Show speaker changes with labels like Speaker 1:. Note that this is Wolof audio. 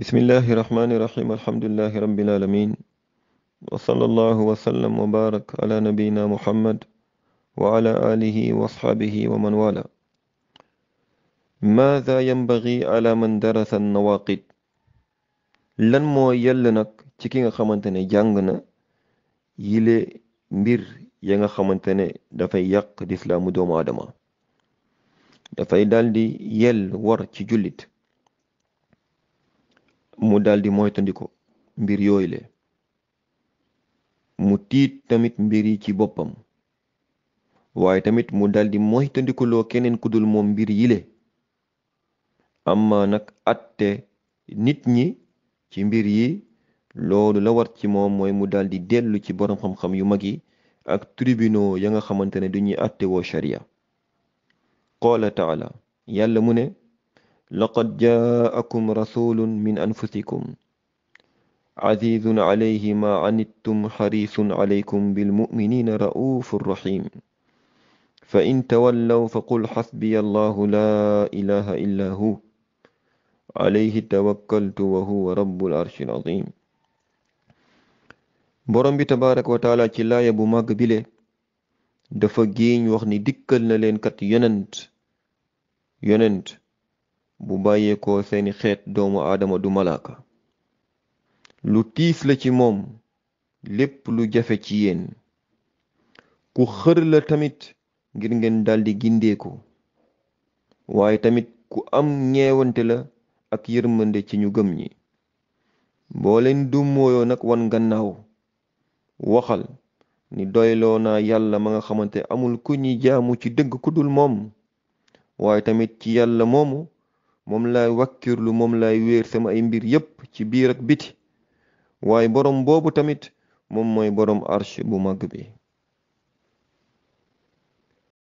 Speaker 1: bismillahi rahmani rahim alhamdulilahi rabbil alamin wa sallallahu wa sallam wa barak ala nabiyina wa ala alihi wa man wala maada yanbagi ala man darasa nawaqid lan moo yell nag ci ki nga xamante ne jàng na yile mbir ya nga xamante ne dafay yàq doomu adama dafay daldi yell war ci jullit mu daldi moytandiku mbir yooyu le mu tiit tamit mbir yi ci boppam waaye tamit mu daldi moytandikuloo keneen ku dul moom mbir yile amma nag atte nit ñi ci mbir yi loolu la war ci moom mooy mu daldi dellu ci boroom xam-xam yu mag yi ak tribunaux ya nga xamante ne du ñuy atte sharia qaala taala yàlla mu ne laqad jaakum rasulun min anfusikum azizun alayhi ma anittum xarisun alaykum bilmuminina ra'ufun rahim fa in tawallaw faqul xasbiya allahu laa ilaha illa hu alayhi tawakkaltu wa huwa rabbul arshil azim ci laaya bu màgg bile dafa géeñ wax ni dikkal na leen kat yonent bu bàyyeekoo seeni xeet doomu aadama du malaaka lu tiis la ci moom lépp lu jafe ci yéen ku xër la tamit ngir ngeen daldi gindeeku waaye tamit ku am ñeewante la ak yërmande ci ñu gëm ñi boo leen du mooyoo nag wan gannaaw waxal ni doyloo naa yàlla ma nga xamante amul ku ñi jaamu ci dëgg ku dul moom waaye tamit ci yàlla moomu moom laay wakkirlu moom laay wéer sama ay mbir yépp ci biir ak biti waaye borom boobu tamit moom mooy borom arsh bu màgg bi